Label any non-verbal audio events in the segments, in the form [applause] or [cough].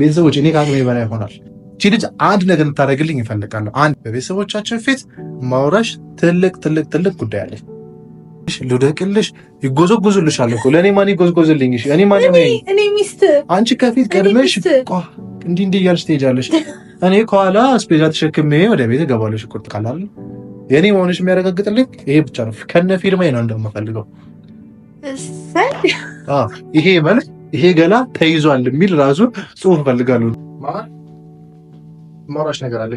ቤተሰቦች እኔ ከአቅሜ በላይ ይሆናል። እቺ ልጅ አንድ ነገር እንታደርግልኝ ይፈልጋለሁ። አንድ በቤተሰቦቻችን ፊት ማውራሽ ትልቅ ትልቅ ትልቅ ጉዳይ አለ። ልደቅልሽ ይጎዘጎዙልሻል አለ። ለእኔ ማን ይጎዝጎዝልኝ? እኔ ማን እኔ ሚስት አንቺ ከፊት ቀድመሽ እንዲህ እንዲህ እያልሽ ትሄጃለሽ። እኔ ከኋላ ስፔዛ ተሸክሜ ወደ ቤት እገባለሽ። ቁርጥቃላል የእኔ መሆንሽ የሚያረጋግጥልኝ ይሄ ብቻ ነው። ከነ ፊልማ ነው እንደምፈልገው ይሄ መልክ ይሄ ገና ተይዟል የሚል ራሱ ጽሁፍ እፈልጋለሁ። ማውራሽ ነገር አለ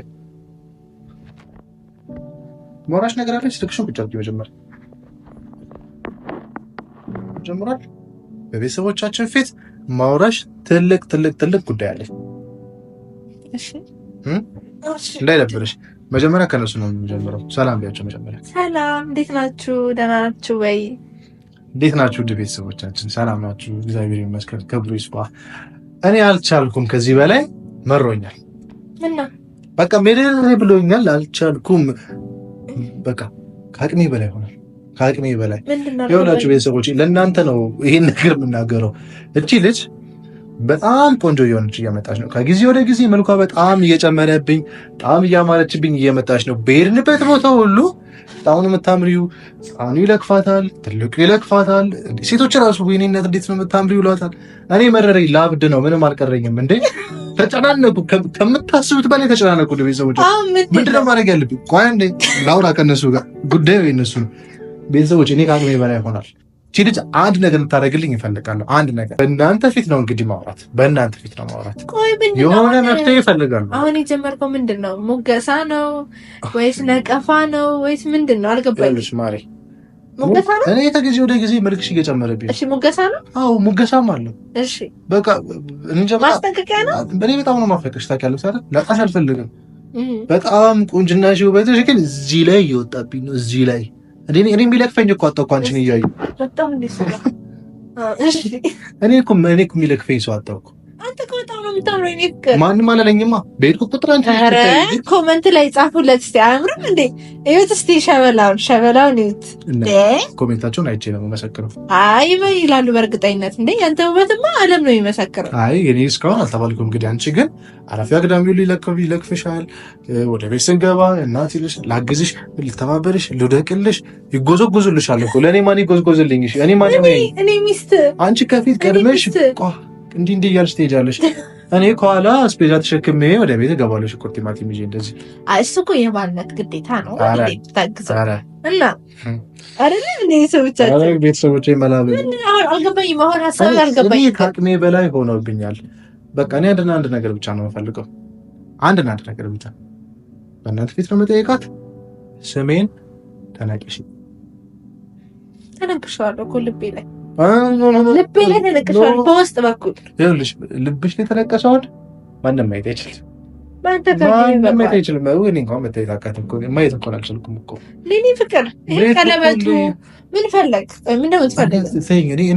ማውራሽ ነገር አለ። ስልክሽን ቁጭ አድርጊ። መጀመሪያ ጀምራል። በቤተሰቦቻችን ፊት ማውራሽ ትልቅ ትልቅ ትልቅ ጉዳይ አለ። እንዳይደብርሽ መጀመሪያ ከነሱ ነው የሚጀምረው ሰላም ቢያቸው መጀመሪያ። ሰላም እንዴት ናችሁ? ደህና ናችሁ ወይ? እንዴት ናችሁ? ውድ ቤተሰቦቻችን ሰላም ናችሁ? እግዚአብሔር ይመስገን፣ ክብሩ ይስፋ። እኔ አልቻልኩም፣ ከዚህ በላይ መሮኛል። በቃ ሜደር ብሎኛል፣ አልቻልኩም። በቃ ከአቅሜ በላይ ሆናል፣ ከአቅሜ በላይ የሆናችሁ ቤተሰቦች፣ ለእናንተ ነው ይህን ነገር የምናገረው። እቺ ልጅ በጣም ቆንጆ እየሆነች እያመጣች ነው። ከጊዜ ወደ ጊዜ መልኳ በጣም እየጨመረብኝ፣ በጣም እያማረችብኝ እየመጣች ነው። በሄድንበት ቦታ ሁሉ አሁን የምታምሪው ጻኑ ይለክፋታል፣ ትልቁ ይለክፋታል። ሴቶች ራሱ ወይኔነት እንዴት ነው የምታምሪው ይሏታል። እኔ መረረኝ፣ ላብድ ነው ምንም አልቀረኝም። እንዴ ተጨናነቁ፣ ከምታስቡት በላይ ተጨናነቁ። ቤተሰቦች ነው ማድረግ ያለብኝ? እንዴ ላውራ ከነሱ ጋር ጉዳዩ የነሱ ነው። ቤተሰቦች እኔ ከአቅሜ በላይ ይሆናል እቺ ልጅ አንድ ነገር እንታደርግልኝ ይፈልጋለሁ። አንድ ነገር በእናንተ ፊት ነው እንግዲህ ማውራት፣ በእናንተ ፊት ነው ማውራት። የሆነ መፍትሄ ይፈልጋሉ። አሁን የጀመርከው ምንድን ነው? ሙገሳ ነው ወይስ ነቀፋ ነው ወይስ ምንድን ነው? አልገባኝም ማሪ እኔ ከጊዜ ወደ ጊዜ መልክሽ እየጨመረብኝ። እሺ ሙገሳ ነው። አዎ ሙገሳም አለው። እሺ በቃ እንጀ ማስጠንቀቂያ ነው። እኔ በጣም ነው ማፈቀሽ ታውቂያለሽ አይደል? ላጣሽ አልፈልግም። በጣም ቁንጅናሽ፣ ውበትሽ ግን እዚህ ላይ እየወጣብኝ ነው እዚህ ላይ እኔ የሚለክፈኝ እኮ አጣሁ እኮ አንቺን እያዩ [laughs] እኔ እኮ የሚለቅፈኝ ሰው አጣሁ እኮ ነው የምታምረው። እኔ ፍቅር ማንም አላለኝማ። በሄድኩ ቁጥር አንተ ኧረ ኮመንት ላይ ጻፉለት እስቲ። አያምርም እንዴ? እዩት እስቲ ሸበላውን ሸበላውን እዩት። ኮሜንታቸውን አይቼ ነው የምመሰክረው። አይ በይ ይላሉ በእርግጠኝነት። እንዴ ያንተ ውበትማ አለም ነው የሚመሰክረው። አይ እኔ እስካሁን አልተባልኩም። እንግዲህ አንቺ ግን አላፊ አግዳሚው ይለክፍሻል። ወደ ቤት ስንገባ እናት ይልሽ ላግዝሽ፣ ልተባበርሽ፣ ልደቅልሽ ይጎዘጎዝልሻል እኮ ለእኔ ማን ይጎዝጎዝልኝ? እኔ ማን እኔ ሚስት አንቺ ከፊት ቀድመሽ እንዲህ እንዲህ እያልሽ ትሄጃለሽ። እኔ ከኋላ አስቤዛ ተሸክሜ ወደ ቤት እገባለሁ። ሽንኩርት፣ ቲማቲም ይዤ እንደዚህ። እሱ እኮ የባልነት ግዴታ ነው ታግዘው ከአቅሜ በላይ ሆኖብኛል። በቃ እኔ አንድና አንድ ነገር ብቻ ነው የምፈልገው። አንድና አንድ ነገር ብቻ በእናንተ ፊት ነው መጠየቃት። ስሜን ተናቅሽ። ተናቅሸዋለሁ እኮ ልቤ ላይ ልቤ ላይ ተነቀሸዋል። በውስጥ በኩል ይኸውልሽ፣ ልብሽ ላይ ተነቀሸዋል። ማንም ማየት አይችልም። ማንም ማየት አይችልም። እኔ እንኳን መታየት አቃተኝ እኮ ማየት እንኳን አልችልኩም እኮ ሌኒ ፍቅር፣ ይሄ ቀለበቱ ምን ፈለግ ምንድን ነው የምትፈልገው?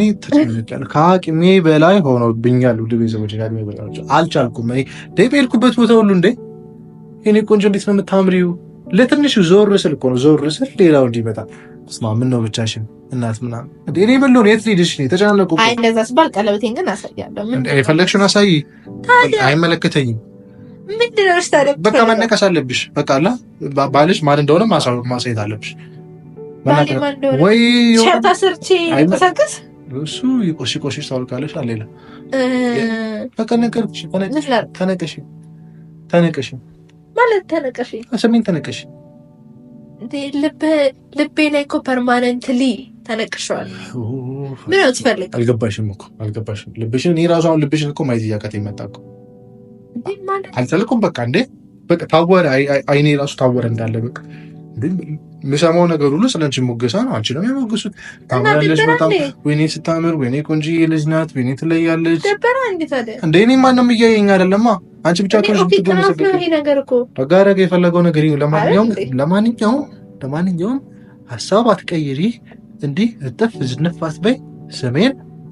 እኔ ተጨንቄያለሁ። ከአቅሜ በላይ ሆኖብኛል። ውድ ቤተሰቦች ከአቅሜ በላይ አልቻልኩም። እኔ ደይ በሄድኩበት ቦታ ሁሉ እንዴ፣ እኔ ቆንጆ እንዴት ነው የምታምሪው ለትንሽ ዞር ስል እኮ ነው ዞር ስል ሌላው እንዲመጣ ስማ፣ ምን ነው ብቻሽን እናት ምናምን እኔ ምን የምለውን የት ልሂድሽ ነው የተጨናነቁ። አይ እንደዛ ስባል ቀለበቴን ግን አሳያለሁ። የፈለግሽውን አሳይ፣ አይመለከተኝም። ምንድን በቃ መነቀስ አለብሽ። በቃ አላ ባልሽ ማን እንደሆነ ማሳየት አለብሽ። ወይ ሸርታ ሰርቼ ተሳቀስ እሱ ቆሽ ቆሽ ታወልቃለሽ። አሌላ በቃ ነገር ተነቀሽ ማለት ተነቀሽ፣ ሰሜን ተነቀሽ። ልቤ ላይ እኮ ፐርማነንትሊ ተነቅሸዋል። ምን ነው ትፈልግ? አልገባሽም እኮ አልገባሽም። ልብሽን እኔ ራሱ አሁን ልብሽን እኮ ማየት እያቃተኝ መጣ እኮ አልጠልኩም። በቃ እንዴ በቃ ታወረ፣ አይኔ ራሱ ታወረ እንዳለ በቃ ምሰማው ነገር ሁሉ ስለአንቺ ሞገሳ ነው። አንቺ ነው የሚሞገሱት። ታምራለች፣ በጣም ወይኔ ስታምር፣ ወይኔ ቆንጆዬ ልጅ ናት፣ ወይኔ ትለያለች። እንደ እኔ ማንም እያየኝ አይደለማ። አንቺ ብቻ ጋረገ የፈለገው ነገር ለማንኛውም ለማንኛውም ለማንኛውም ሀሳብ አትቀይሪ። እንዲህ እጥፍ ዝንፋት በይ ስሜን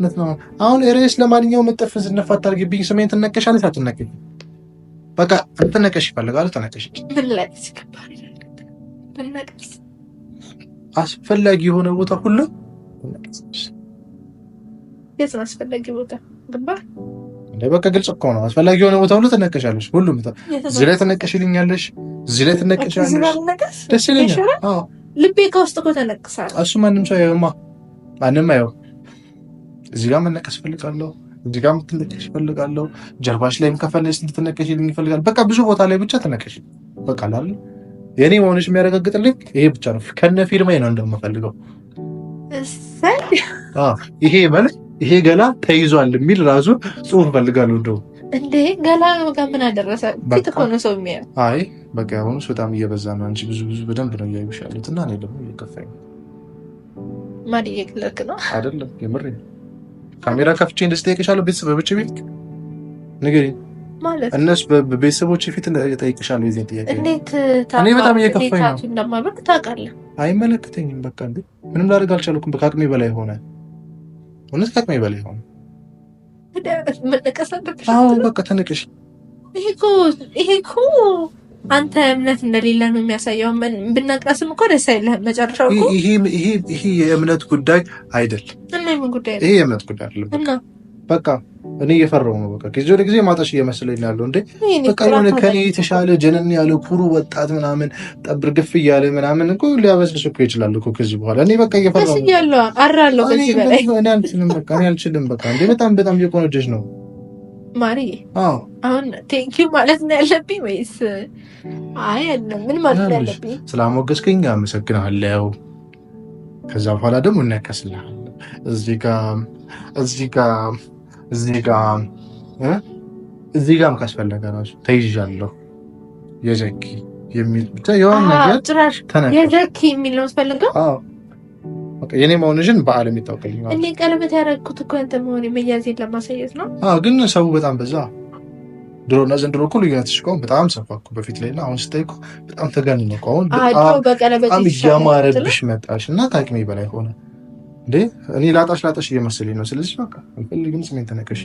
እውነት ነው። አሁን ርዕስ ለማንኛውም መጠፍን ስነፋት አድርግብኝ ስሜን ትነቀሻለች አትነቀሽ? በቃ አትነቀሽ ይፈልጋል አትነቀሽ። አስፈላጊ የሆነ ቦታ ሁሉ አስፈላጊ ቦታ በቃ ግልጽ እኮ ነው። አስፈላጊ የሆነ ቦታ ሁሉ ትነቀሻለሽ። ሁሉ እዚህ ላይ ትነቀሽልኛለሽ፣ እዚህ ላይ ትነቀሻለሽ። ደስ ይለኛል። ልቤ ከውስጥ እኮ ተነቅሳል። እሱ ማንም ሰው ያየውማ፣ ማንም አየው እዚህ ጋር መነቀስ ይፈልጋለሁ፣ እዚህ ጋር ምትነቀሽ ይፈልጋለሁ፣ ጀርባሽ ላይም ከፈለሽ እንድትነቀሽ ይፈልጋል። በቃ ብዙ ቦታ ላይ ብቻ ተነቀሽ በቃ ላለ የኔ መሆንሽ የሚያረጋግጥልኝ ይሄ ብቻ ነው። ከነ ፊርማዬ ነው እንደምፈልገው ይሄ ማለት ይሄ ገላ ተይዟል የሚል ራሱ ጽሁፍ ፈልጋለሁ። እንደውም እንዴ ገላ ጋ ምን አደረሰ? ፊት እኮ ነው ሰው የሚያ አይ በቃ አሁንስ በጣም እየበዛ ነው። አንቺ ብዙ ብዙ በደንብ ነው እያዩሽ ያሉት እና እኔ ደግሞ እየከፋኝ ነው። ማን እየክለክ ነው አይደለም የምሬ ካሜራ ከፍቼ እንደዚህ ጠይቅሻለሁ። ቤተሰብ በብጭ ቤት ንገሪኝ ማለት እነሱ በቤተሰቦች ፊት ጠይቅሻለሁ። የዚህን ጥያቄ እኔ በጣም እየከፋኝ ነው። እንደማበቅ ታውቃለህ። አይመለከተኝም። በቃ እንዴ ምንም ላደርግ አልቻልኩም። ከአቅሜ በላይ ሆነ። እውነት ከአቅሜ በላይ ሆነ። በቃ ተነቀሽ። ይሄ እኮ ይሄ እኮ አንተ እምነት እንደሌለ ነው የሚያሳየው። ብናቅረስም እኮ ደስ አይልህም። መጨረሻው እኮ ይሄ የእምነት ጉዳይ አይደል? እና የምን ጉዳይ ይሄ የእምነት ጉዳይ አይደለም። በቃ እኔ እየፈራሁ ነው። በቃ ጊዜ ወደ ጊዜ ማጣሽ እየመስለኝ ያለው እንዴ፣ በቃ የሆነ ከኔ የተሻለ ጀነን ያለ ኩሩ ወጣት ምናምን ጠብር ግፍ እያለ ምናምን እኮ ሊያበስልሽ እኮ ይችላል እኮ ከዚህ በኋላ። እኔ በቃ እየፈራሁ ነው። አራለሁ ከዚህ በላይ እኔ አልችልም። በቃ እንዴ፣ በጣም በጣም የቆነጀሽ ነው ማሪ አሁን ቴንኪዩ ማለት ነው ያለብኝ ወይስ አይ ምን ማለት ነው ያለብኝ? ስላሞገስከኝ አመሰግናለሁ። ከዛ በኋላ ደግሞ እናከስልል እዚህ ጋ እዚህ ጋ እዚህ ጋ እዚህ ጋም ካስፈለገ ራሱ ተይዣለሁ የዘኪ የሚል ብቻ የሆነ ነገር የዘኪ የሚል ነው ስፈልገው በቃ የኔ መሆንሽን በዓለም ይታወቅልኛል። እኔ ቀለበት ያደረግኩት እኮ አንተ መሆን መያዜን ለማሳየት ነው። ግን ሰው በጣም በዛ። ድሮና ዘንድሮ እኮ ልዩነትሽ እኮ በጣም ሰፋ እኮ በፊት ላይ እና አሁን ስታይ እኮ በጣም ተጋነነ እኮ። አሁን በጣም እያማረብሽ መጣሽ እና ከአቅሜ በላይ ሆነ እንዴ። እኔ ላጣሽ ላጣሽ እየመሰለኝ ነው። ስለዚህ በቃ አልፈልግም። ስሜን ተነቀሽ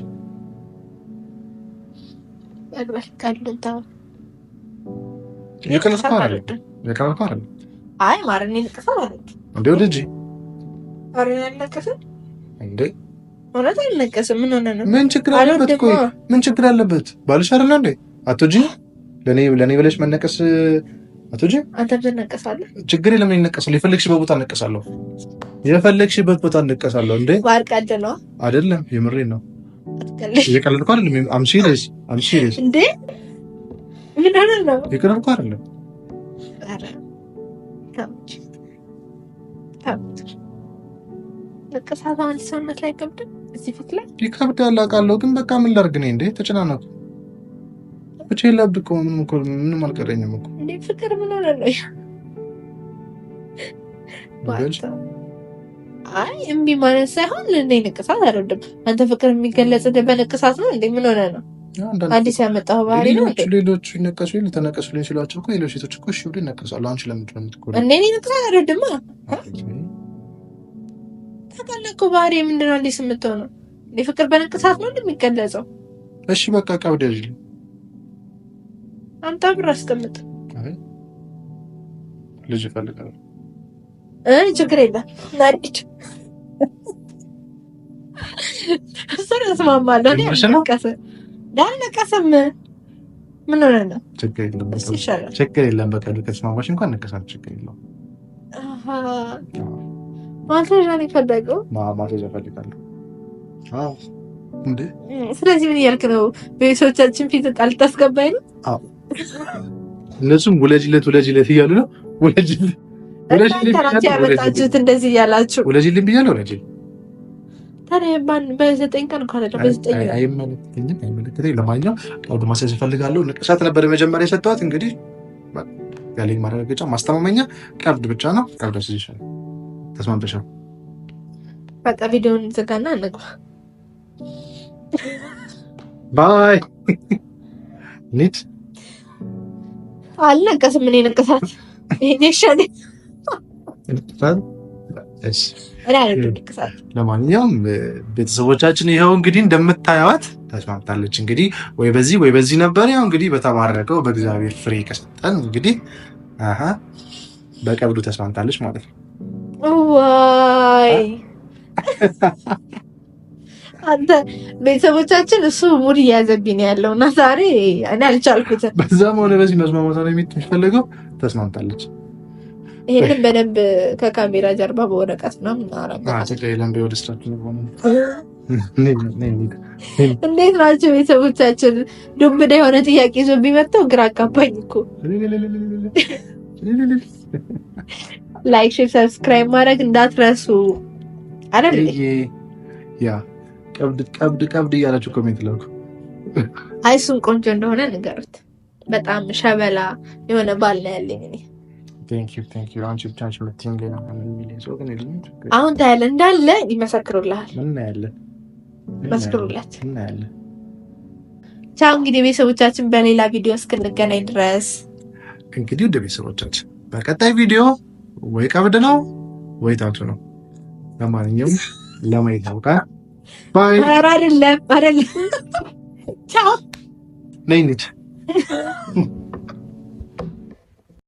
የቀለድኩ አይ ማረኔ ልቅሰ ማለት እንዴ እንዴ? እውነት አልነቀስም። ምን ሆነ ነው? ምን ችግር አለበት? ቆይ ምን ችግር አለበት? ባልሽ አይደለ እንዴ? አትወጂ ለኔ ለኔ ብለሽ መነቀስ አትወጂ። አንተ ትነቀሳለህ። ችግር የለም ይነቀሳል። እነቀሳለሁ። የፈለግሽበት ቦታ እነቀሳለሁ። የፈለግሽበት ቦታ እነቀሳለሁ። እንዴ ባርቃደ ነው አይደለም? የምሬ ነው። እየቀለድኩ አይደለም። አም ሲሪየስ አም ሲሪየስ። እንዴ ምን ሆነ ነው? እየቀለድኩ አይደለም። አረ ታውቂ በቃ ሳት አንድ ሰውነት ላይ አይከብድም። እዚህ ፊት ላይ አውቃለሁ፣ ግን በቃ ምን ላድርግ እኔ እንዴ ተጨናነኩ። ብቻዬን ላብድ ምንም እኮ ምንም አልቀረኝም እኮ እንዴ ፍቅር ምን ሆነለሁ? አይ እምቢ ማለት ሳይሆን እንደ ንቅሳት አይደለም። አንተ ፍቅር የሚገለጽ በንቅሳት ነው እንዴ? ምን ሆነ ነው አዲስ ያመጣው ባህሪ ነው። ሌሎቹ ይነቀሱ ተነቀሱ ላይ ሲሏቸው ሌሎች ሴቶች እኮ እሺ ብሎ ይነቀሳሉ። አንቺ ለምንድን ነው የምትጎ እኔ ንቅሳት አይደለም ታውቃለህ እኮ ባህሪ ምንድን ነው? እንዴት የምትሆነው? ፍቅር በንቅሳት ነው እንደሚገለጸው። እሺ በቃ ቀብድ ልጅ አምጣ፣ ብር አስቀምጥ። ልጅ ይፈልጋል። ችግር የለም ናዲች እሱን እስማማለሁ። አልነቀሰም። ምን ሆነህ ነው? ችግር የለም በቃ ከተስማማሽ እንኳን ነቀሳት፣ ችግር የለውም ማስረጃ ነው የፈለገው። ማስረጃ እፈልጋለሁ። ስለዚህ ምን እያልክ ነው? ቤተሰቦቻችን ፊት ጣል ታስገባኝ ነው። እነሱም ውለጅለት ውለጅለት እያሉ ነው። ውለጅለት ያመጣችሁት እንደዚህ እያላችሁ ውለጅልን ብያለሁ። ውለጅል ለማንኛውም ማስያዝ እፈልጋለሁ። ንቅሳት ነበር መጀመሪያ የሰጠኋት። እንግዲህ ያለኝ ማረጋገጫ ማስተማመኛ ቀብድ ብቻ ነው። ቀብድ ስይሻል ተስማምተሻ? በቃ ቪዲዮን ዘጋና እንግባ። ባይ ኒድ አልነቀስም። ምን ነቀሳት? ይሄን ይሻል ለማንኛውም ቤተሰቦቻችን ይኸው እንግዲህ እንደምታየዋት ተስማምታለች። እንግዲህ ወይ በዚህ ወይ በዚህ ነበር። ያው እንግዲህ በተባረቀው በእግዚአብሔር ፍሬ ከሰጠን እንግዲህ በቀብዱ ተስማምታለች ማለት ነው። ዋይ አንተ ቤተሰቦቻችን እሱ ሙድ እያያዘብኝ ያለው እና ዛሬ እኔ አልቻልኩትም። በዛም ሆነ በዚህ መስማማት ነው የሚፈልገው። ተስማምታለች። ይህንን በደንብ ከካሜራ ጀርባ በወረቀት ነው እንዴት ናቸው ቤተሰቦቻችን? ዱብዳ የሆነ ጥያቄ ይዞ ቢመጣው ግራ አጋባኝ እኮ ላይክ፣ ሼር፣ ሰብስክራይብ ማድረግ እንዳትረሱ አይደል? ያ ቀብድ ቀብድ ቀብድ እያላችሁ ኮሜንት ላኩ። አይ እሱም ቆንጆ እንደሆነ ንገሩት። በጣም ሸበላ የሆነ ባል ነው ያለኝ እኔ። አሁን ታያለህ፣ እንዳለ ይመሰክሩልሃል። መስክሩላት። ቻው እንግዲህ ቤተሰቦቻችን፣ በሌላ ቪዲዮ እስክንገናኝ ድረስ እንግዲህ ወደ ቤተሰቦቻችን በቀጣይ ቪዲዮ ወይ ቀብድ ነው ወይ ታቱ ነው። ለማንኛውም ለማየት ያውቃ ባይ አይደለም አይደለም ቻው ነኝ [laughs]